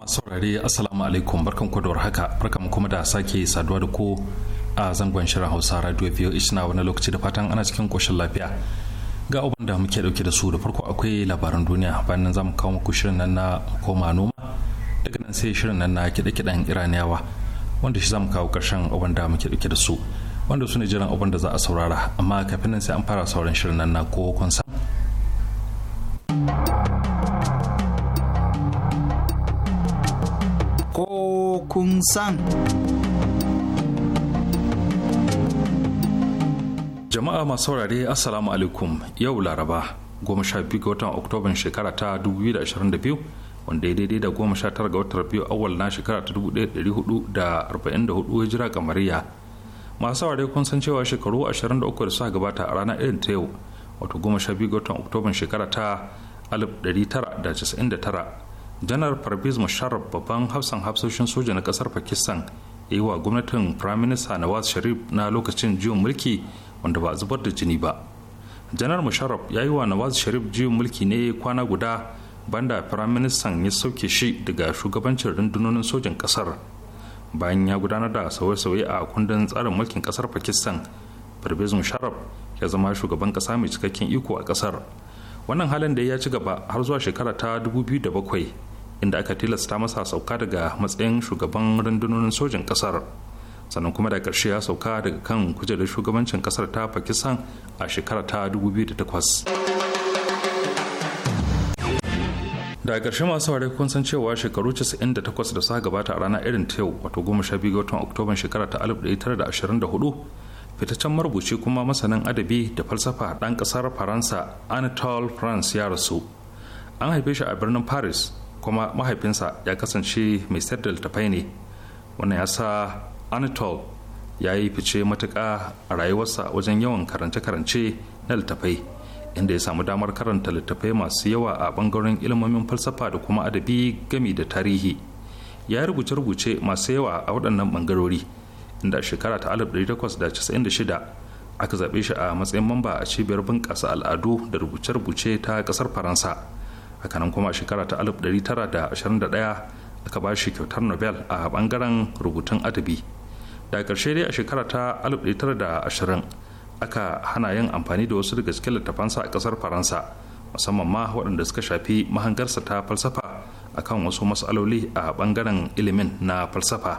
masu saurare assalamu alaikum barkan ku da haka barkan kuma da sake saduwa da ku a zangon shirin hausa radio voh na wani lokaci da fatan ana cikin koshin lafiya ga abin da muke dauke da su da farko akwai labaran duniya bayan nan zamu kawo muku shirin nan na koma noma daga nan sai shirin nan na kiɗe-kiɗen iraniyawa wanda shi zamu kawo karshen abin da muke dauke da su wanda su ne jiran abin da za a saurara amma kafin nan sai an fara sauran shirin nan na ko kun kun san. Jama'a masu saurare Assalamu alaikum yau Laraba goma sha biyu ga watan Oktoba shekara ta 2022 wanda ya daidai da goma sha tara ga watan biyu awal na shekara ta 1444 hijira kamariya. Masu saurare kun san cewa shekaru 23 da suka gabata a ranar irin ta yau wato goma sha biyu ga watan Oktoban shekara ta 1999 janar farbiz musharraf babban hafsan hafsoshin soja na kasar pakistan ya yi wa gwamnatin firaminista nawaz sharif na lokacin jiyon mulki wanda ba zubar da jini ba janar musharraf ya yi wa nawaz sharif jiyon mulki ne kwana guda banda firaministan ya sauke shi daga shugabancin rundunonin sojin kasar bayan ya gudanar da sauye-sauye a kundin tsarin mulkin kasar pakistan farbiz musharraf ya zama shugaban kasa mai cikakken iko a kasar wannan halin da ya ci gaba har zuwa shekara ta 2007 inda aka tilasta masa sauka daga matsayin shugaban rundunonin sojin kasar sannan kuma da karshe ya sauka daga kan kujerar shugabancin kasar ta pakistan a shekara ta 2008 daga ƙarshe masu ware kun san cewa shekaru 98 da suka gabata a ranar irin ta yau wato 12 ga watan oktoban shekara ta 1924 fitaccen marubuci kuma masanin adabi da falsafa ɗan ƙasar faransa anatole france ya rasu an haife shi a birnin paris kuma mahaifinsa ya kasance mai sayar da littafai ne wannan ya sa anatole ya yi fice matuka a rayuwarsa wajen yawan karance-karance na littafai inda ya samu damar karanta littafai masu yawa a bangaren ilimomin falsafa da kuma adabi gami da tarihi ya rubuce-rubuce masu yawa a waɗannan bangarori. inda shekara ta 1896 aka zaɓe shi a matsayin mamba a cibiyar bunƙasa al'adu da rubuce-rubuce ta ƙasar faransa kanan kuma a shekara ta 1921 aka ba shi kyautar nobel a ɓangaren rubutun adabi da ƙarshe dai a shekara ta 1920 aka hana yin amfani da wasu daga cikin littafansa a ƙasar faransa musamman ma waɗanda suka shafi mahangarsa ta falsafa akan wasu matsaloli a ɓangaren ilimin na falsafa.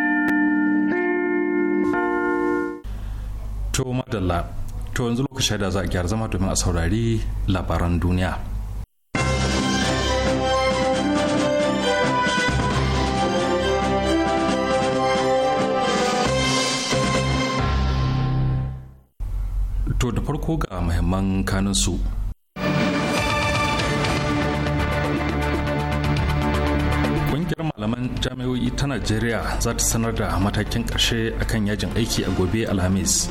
to madalla to yanzu lokacin da za a gyara zama domin a saurari labaran duniya to da farko ga muhimman kanunsu malaman jami'o'i ta najeriya za ta sanar da matakin ƙarshe akan yajin aiki a gobe alhamis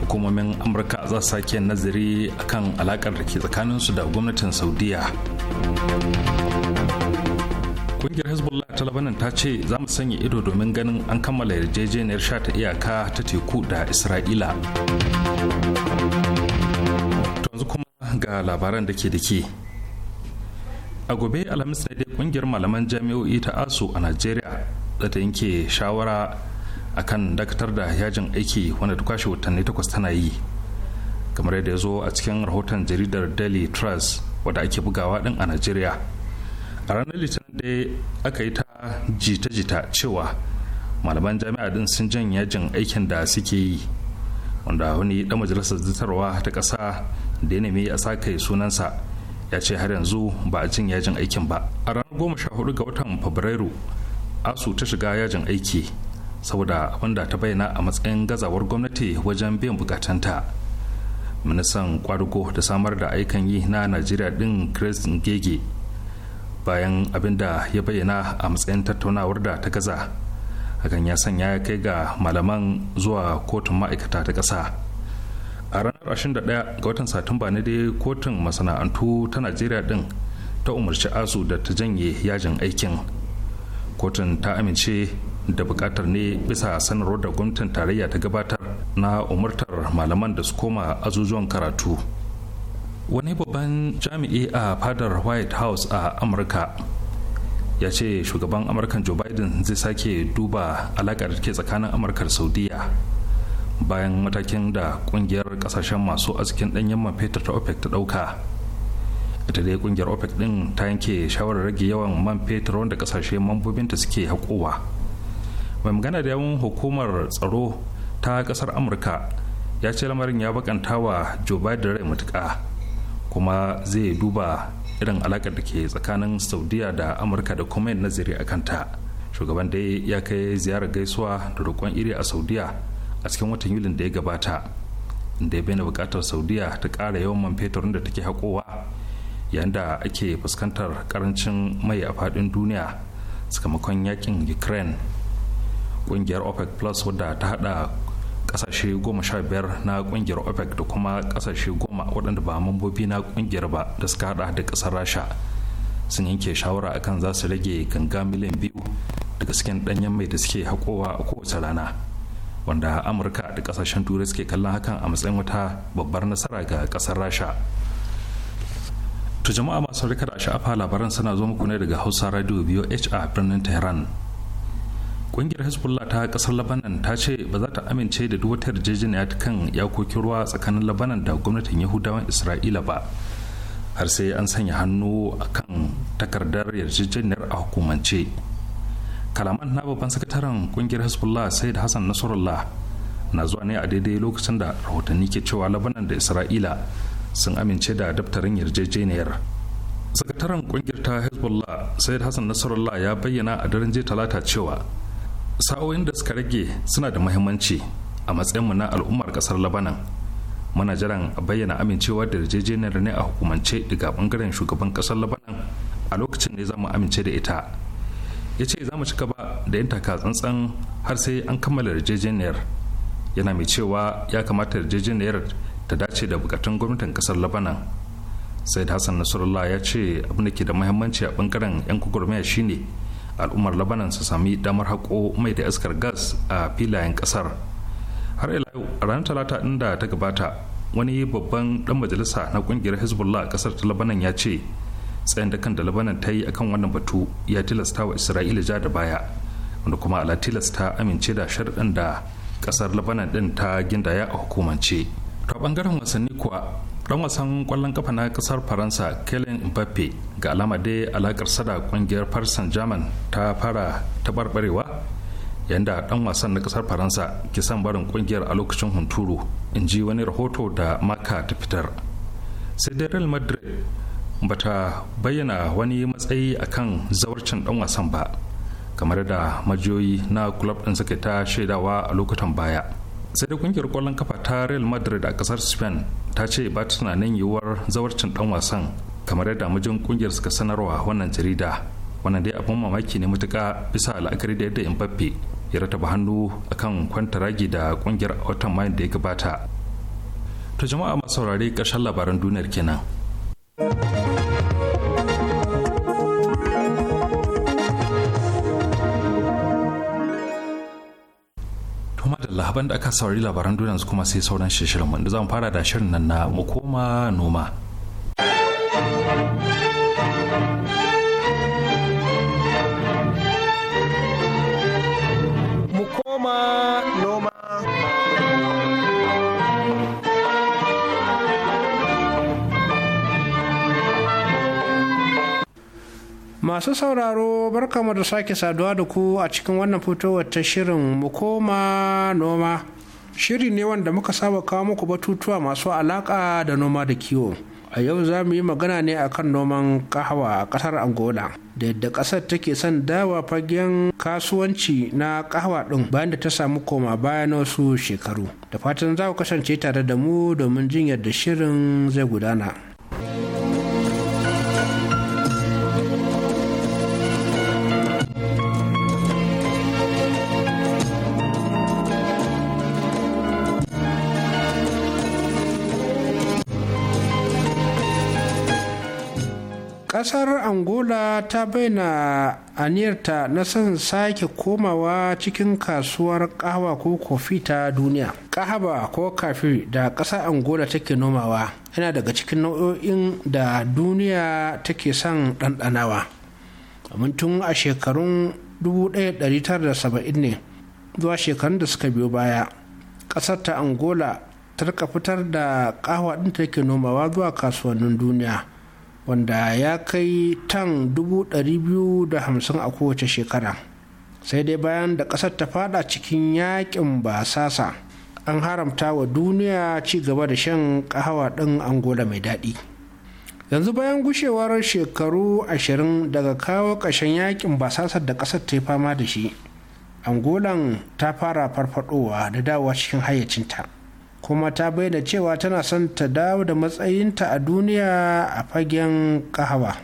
hukumomin amurka za su sake nazari akan alakar da ke tsakaninsu da gwamnatin saudiya kungiyar hezbollah ta labanin ta ce za mu sanya ido domin ganin an kammala yarjejeniyar sha ta iyaka ta teku da isra'ila yanzu kuma ga labaran da ke da ke a gobe alhamis da dai kungiyar malaman jami'o'i ta asu a najeriya zata yanke shawara akan dakatar da yajin aiki wanda ta kwashe watanni takwas tana yi kamar yadda ya zo a cikin rahoton jaridar daily trust wadda ake bugawa din a najeriya a ranar litinin da aka yi ta jita-jita cewa malaman jami'a din sun jan yajin aikin da suke yi wanda wani dan majalisar zitarwa ta ƙasa da ya nemi a sakai sunansa ya ce har yanzu ba a jin yajin aikin ba a ranar goma sha hudu ga watan fabrairu asu ta shiga yajin aiki saboda wanda ta bayyana a matsayin gazawar gwamnati wajen biyan bukatanta minisan kwadugo da samar da aikan yi na najeriya din chris ngege bayan da ya bayyana a matsayin tattaunawar da ta gaza hakan ya sanya ya kai ga malaman zuwa kotun ma'aikata ta ƙasa a ranar 21 ga watan satumba ne dai kotun masana'antu ta najeriya din ta umarci asu da ta janye yajin aikin kotun ta amince da bukatar ne bisa sanarwar da gwamnatin tarayya ta gabatar na umartar malaman da su koma azuzuwan karatu wani babban jami'i a fadar white house a amurka ya ce shugaban amurkan joe biden zai sake duba alakar ke tsakanin amurkar saudiya bayan matakin da kungiyar kasashen masu azikin ɗanyen man fetur ta opec ta ɗauka ita dai kungiyar opec din ta yanke shawarar rage yawan man fetur wanda kasashe mambobinta suke haƙowa mai magana da yawan hukumar tsaro ta kasar amurka ya ce lamarin ya bakanta wa joe biden rai matuka kuma zai duba irin alakar da ke tsakanin saudiya da amurka da kuma naziri nazari a kanta shugaban da ya kai ziyarar gaisuwa da roƙon iri a saudiya a cikin watan yulin da ya gabata inda ya bayyana buƙatar saudiya ta ƙara yawan man fetur da take haƙowa yayin da ake fuskantar ƙarancin mai a faɗin duniya sakamakon yakin ukraine kungiyar opec plus wadda ta hada kasashe goma sha biyar na kungiyar opec da kuma kasashe goma waɗanda ba mambobi na kungiyar ba da suka hada da ƙasar rasha sun yanke shawara akan za su rage ganga miliyan biyu daga cikin ɗanyen mai da suke haƙowa a kowace rana wanda amurka da ƙasashen turai suke kallon hakan a matsayin wata babbar nasara ga ƙasar rasha to jama'a masu rika da sha'afa labaran suna zo muku ne daga hausa radio voh a birnin tehran kungiyar hezbollah ta kasar labanan ta ce ba za ta amince da duk wata yarjejeniya kan yakokin ruwa tsakanin labanan da gwamnatin yahudawan isra'ila ba har sai an sanya hannu a kan takardar yarjejeniyar a hukumance kalaman na babban sakataren kungiyar hezbollah sai hassan nasarallah na zuwa ne a daidai lokacin da rahotanni ke cewa labanan da isra'ila sun amince da daftarin yarjejeniyar sakataren kungiyar ta hezbollah said hassan nasarallah ya bayyana a daren jiya talata cewa sa'o'in da suka rage suna da muhimmanci a matsayinmu na al'ummar kasar labanan muna jiran bayyana amincewa da yarjejeniyar ne a hukumance daga bangaren shugaban kasar labanan a lokacin ne za mu amince da ita ya ce za mu ci gaba da yin taka tsantsan har sai an kammala yarjejeniyar yana mai cewa ya kamata yarjejeniyar ta dace da bukatun gwamnatin kasar labanan sai da hassan nasarallah ya ce abin da ke da muhimmanci a bangaren yan gwagwarmaya shine al'ummar labanan su sami damar haƙo mai da iskar gas a filayen ƙasar har ila yau ranar talata inda ta gabata wani babban dan majalisa na kungiyar hezbollah a ƙasar ta labanan ya ce tsayin da kan da labanan ta yi akan wannan batu ya tilasta wa isra'ila ja da baya wanda kuma ala tilasta amince da sharɗin da ƙasar labanan ɗin ta gindaya a hukumance ta bangaren wasanni kuwa dan wasan kwallon kafa na kasar faransa kelen mbappe ga alama dai alakar sada kungiyar farsan german ta fara tabarbarewa yadda dan wasan na kasar faransa ke son barin kungiyar a lokacin hunturu in ji wani rahoto da maka ta fitar sai dai real madrid bata bayyana wani matsayi a kan zawarcin dan wasan ba kamar da majiyoyi na club din suka ta shaidawa a lokutan baya sai dai kungiyar kwallon kafa ta real madrid a kasar spain ta ce ba ta tunanin yiwuwar zawarcin dan wasan kamar yadda mujin kungiyar suka sanarwa wannan jarida wannan dai abin mamaki ne matuka bisa la'akari da yadda mbappe ya rataba hannu akan kwantaragi da kungiyar watan mayan da ya gabata to jama'a masu saurare ƙarshen labaran duniyar kenan lahaban da aka saurari labaran duniya kuma sai sauran shirin mu da mu fara da shirin nan na mu koma noma masu sauraro barkamu da sake saduwa da ku a cikin wannan fitowar ta shirin mu koma noma shiri ne wanda muka saba kawo muku batutuwa masu alaƙa da noma da kiwo a yau za mu yi magana ne akan noman kahawa a ƙasar angola da yadda ƙasar take son dawa fagen kasuwanci na kahawa ɗin bayan da ta samu koma bayan wasu shekaru da fatan za ku kasance tare da mu domin jin yadda shirin zai gudana. kasar angola ta bayyana aniyarta na son sake komawa cikin kasuwar kahawa ko kofi ta duniya kahaba ko kafi da kasar angola take nomawa yana daga cikin nau'o'in da duniya take son ɗanɗanawa domin tun a shekarun 1970 ne zuwa shekarun da suka biyo baya kasar ta angola ta fitar da kahawa ɗin take nomawa zuwa kasuwannin duniya wanda ya kai tan 250 a kowace shekara sai dai bayan da ƙasar ta fada cikin yakin basasa an haramta wa duniya ci gaba da shan kahawa ɗin angola mai daɗi yanzu bayan gushewar shekaru ashirin daga kawo ƙashen yakin basasar da ƙasar ta yi fama da shi angolan ta fara farfadowa da dawowa cikin hayyacinta kuma ta bayyana cewa tana son ta dawo da matsayinta a duniya a fagen kahawa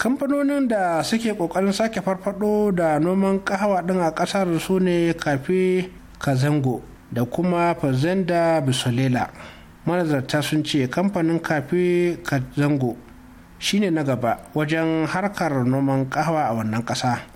kamfanonin da suke kokarin sake farfado da noman kahawa din a kasar su ne kafe kazango da kuma fazenda bisolela manazarta sun ce kamfanin kafe kazango shine na gaba wajen harkar noman kahawa a wannan ƙasa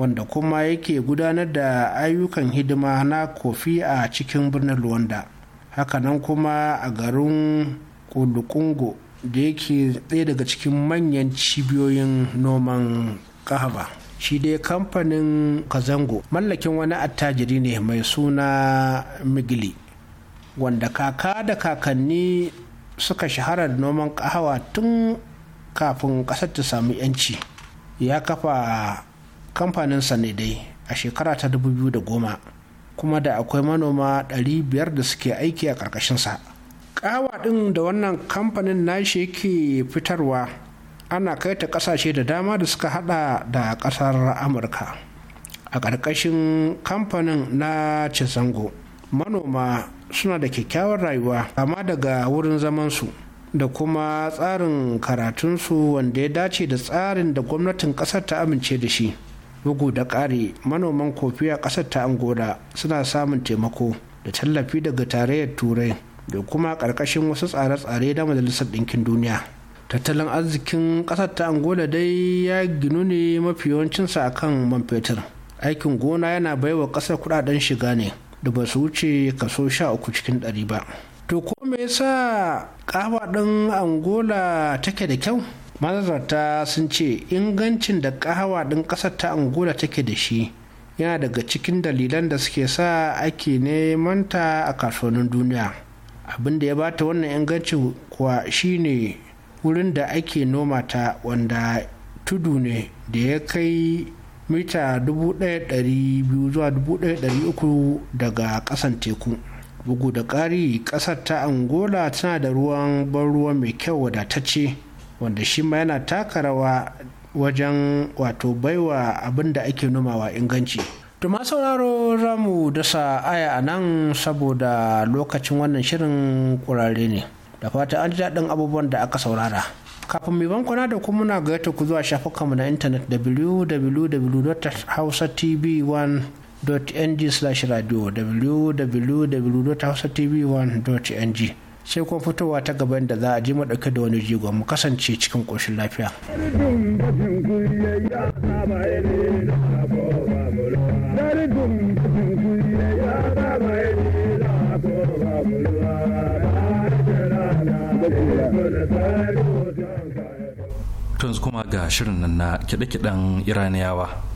wanda kuma yake gudanar da ayyukan hidima na kofi a cikin birnin luwanda hakanan kuma a garin kudukungo da yake ɗaya daga cikin manyan cibiyoyin noman kahaba shi dai kamfanin kazango mallakin wani attajiri ne mai suna migili wanda kaka da kakanni suka shahara da noman kahawa tun kafin ƙasar ta samu 'yanci ya kafa kamfaninsa ne dai a shekara ta 2010 kuma da akwai manoma biyar da suke aiki a ƙarƙashinsa ƙawa ɗin da wannan kamfanin nashi yake fitarwa ana kai ta ƙasashe da dama da suka haɗa da ƙasar amurka a ƙarƙashin kamfanin na cizango manoma suna da kyakkyawar rayuwa kama daga wurin zamansu da kuma tsarin karatunsu wanda ya dace da tsarin da gwamnatin ƙasar ta amince da shi bugu da ƙari manoman kofi a ƙasar ta angola suna samun taimako da tallafi daga tarayyar turai da kuma ƙarƙashin wasu tsare-tsare na majalisar ɗinkin duniya tattalin arzikin ƙasar ta angola dai ya ginu ne mafi yawancinsa kan man fetur aikin gona yana baiwa ƙasar kuɗaɗen shiga ne da ba su wuce kaso sha uku cikin ɗari ba to ko me yasa ƙafa ɗin angola take da kyau manazarta sun ce ingancin da kahawa ɗin ƙasar ta angola take da shi yana daga cikin dalilan da suke sa ake neman ta a kasuwannin duniya abin da ya bata wannan ingancin kuwa shine wurin da ake noma ta wanda tudu ne da ya kai mita 1200 1300 daga ƙasan teku bugu da ƙari ƙasar ta angola tana da ruwan ban ruwa mai kyau wadatacce wanda shi ma yana taka rawa wajen wato baiwa abin da ake nomawa inganci ma sauraro ramu dasa aya a nan saboda lokacin wannan shirin kurare ne da fata an ji daɗin abubuwan da aka saurara kafin mai bankwana da kuma muna gayyata ku zuwa shafukanmu na intanet www.hausatv1.ng/radio www.hausatv1.ng sai kuma fitowa ta gaban da za a ji mu dauke da wani jigo mu kasance cikin koshin lafiya Tunzu kuma ga shirin nan na kiɗe-kiɗen Iraniyawa.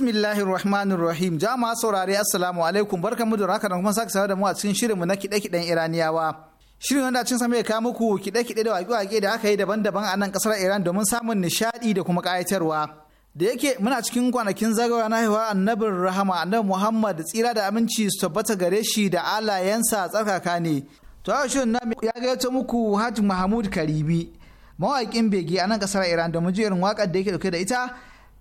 bismillahirrahmanirrahim Rahmanir Jama'a saurare Assalamu alaikum mu da raka da kuma sake sawa da mu a cikin shirinmu na kiɗe-kiɗen Iraniyawa. Shirin wanda cin sama ya kawo muku kiɗe-kiɗe da waƙe-waƙe da aka yi daban-daban a nan ƙasar Iran domin samun nishaɗi da kuma kayatarwa. Da yake muna cikin kwanakin zagawa na haihuwar annabin rahama annabi Muhammad tsira da aminci su tabbata gare shi da alayensa tsarkaka ne. To a shirin na ya gayyato muku Hajji Mahmud karibi mawaƙin bege a nan kasar Iran domin jerin waƙar da yake dauke da ita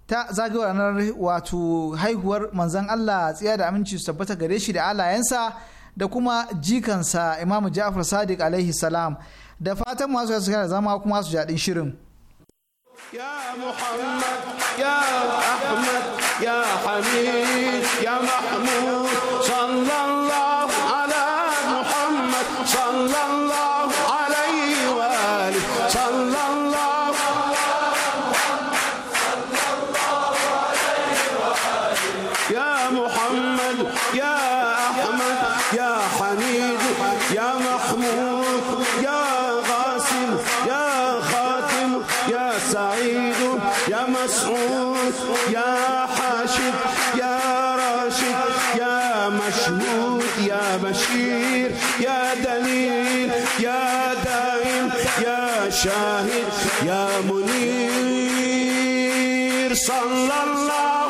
ta zagayowar ranar wato haihuwar manzon Allah tsiya da aminci su tabbata gare shi da alayensa da kuma jikansa Imam Ja'far Sadiq alaihi salam da fatan masu su da zama kuma su jaɗin shirin. يا محمد يا أحمد يا حميد يا محمود ya munir sallallahu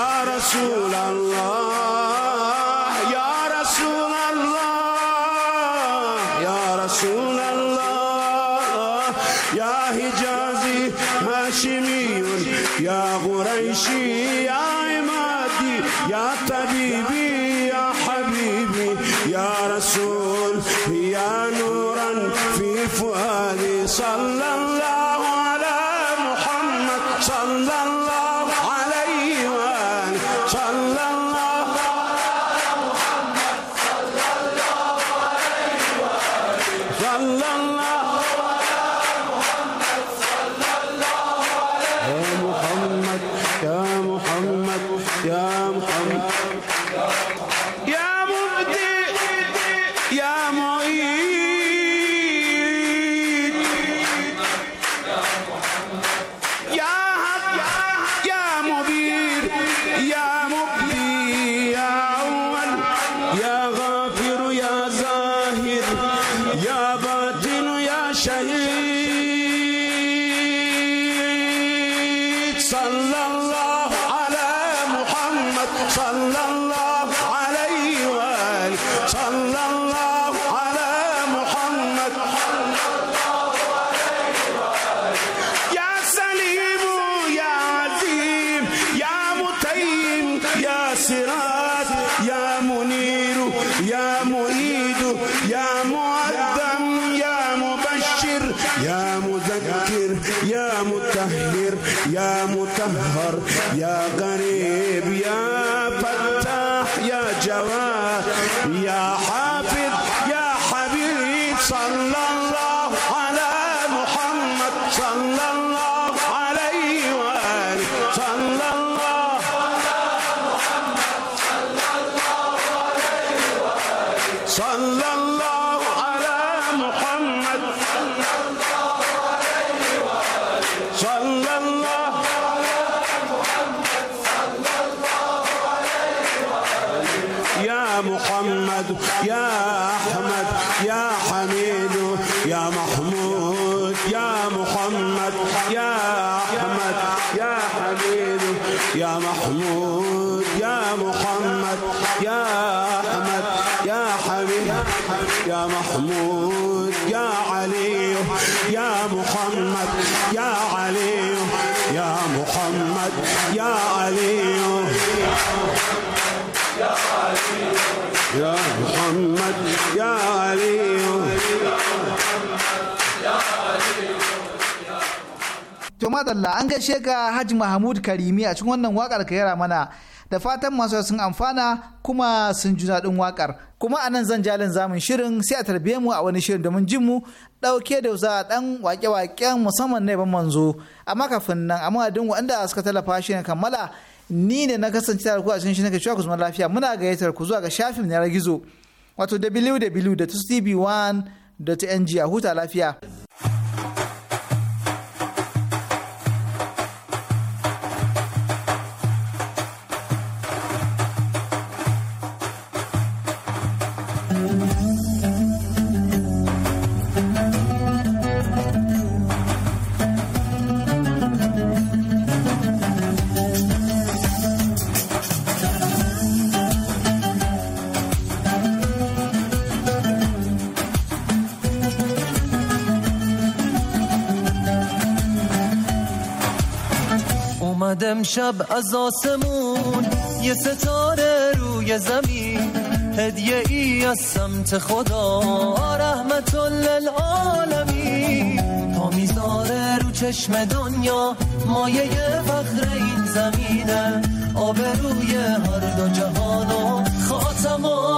Ya Rasulallah يا محمد يا علي To madalla an gaishe ga Haji Mahmud Karimi a cikin wannan wakar ka yara mana da fatan masu sun amfana kuma sun ji daɗin wakar. Kuma a nan zan jalin zamun shirin sai a tarbiye mu a wani shirin domin jin mu ɗauke da za ɗan wake-waken musamman na yaban manzo. Amma kafin nan amma duk waɗanda suka tallafa shi kammala ni ne na kasance tare ku a cikin shi nake cewa ku zama lafiya muna gayyatar ku zuwa ga shafin na gizo wato www.tv1.ng a huta lafiya. امشب از آسمون یه ستاره روی زمین هدیه ای از سمت خدا رحمت للعالمین تا میذاره رو چشم دنیا مایه فخر این زمینه آب روی هر دو جهان و خاتم و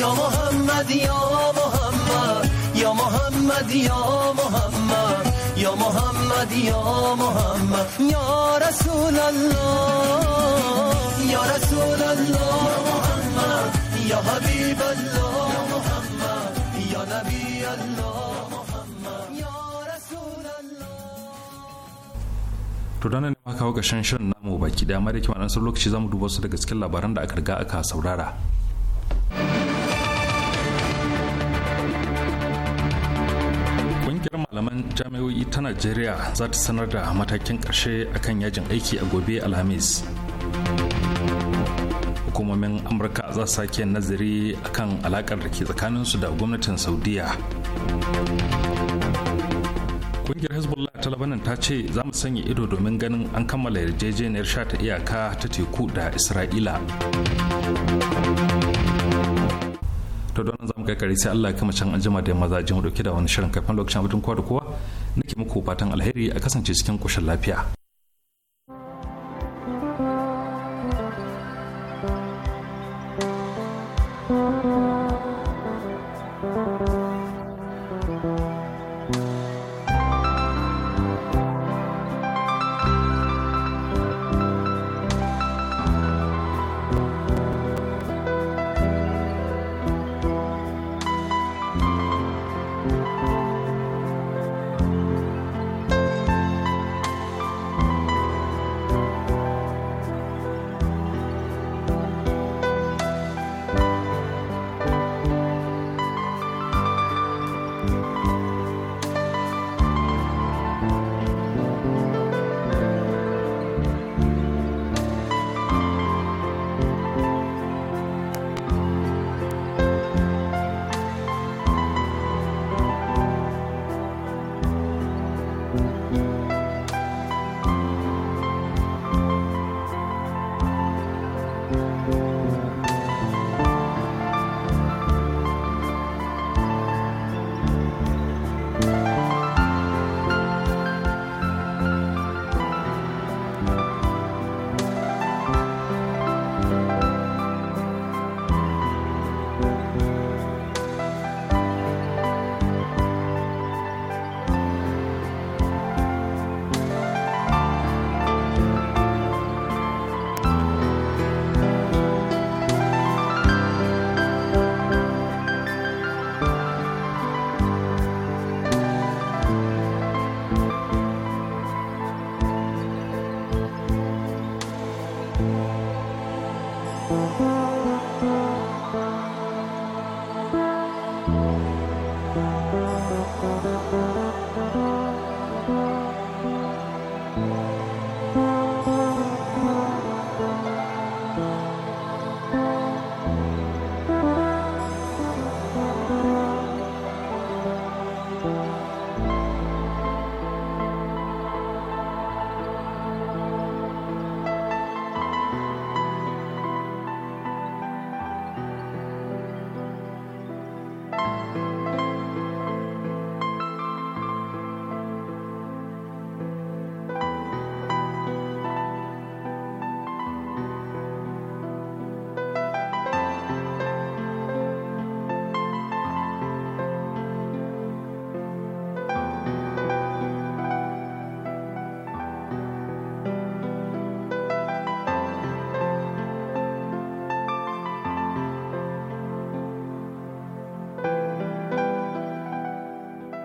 یا محمد یا محمد یا محمد یا محمد Ya Muhammed ya Muhammed ya rasulallah ya Resulallah ya Habiballah to dan ne kawo ga shan shirin namu baki da mai da kima dan sun lokaci zamu duba su daga cikin labaran da aka riga aka saurara jami'o'i ta najeriya za ta sanar da matakin ƙarshe akan yajin aiki a gobe alhamis hukumomin amurka za su sake nazari akan alakar da ke tsakaninsu da gwamnatin saudiya kungiyar hezbollah ta Labanin ta ce za mu sanya ido domin ganin an kammala yarjejeniyar sha ta iyaka ta teku da isra'ila mu kare sai Allah ya kama can anjima da maza jin dauke da wani shirin kafin lokacin abin kowa da kowa nake muku fatan alheri a kasance cikin koshin lafiya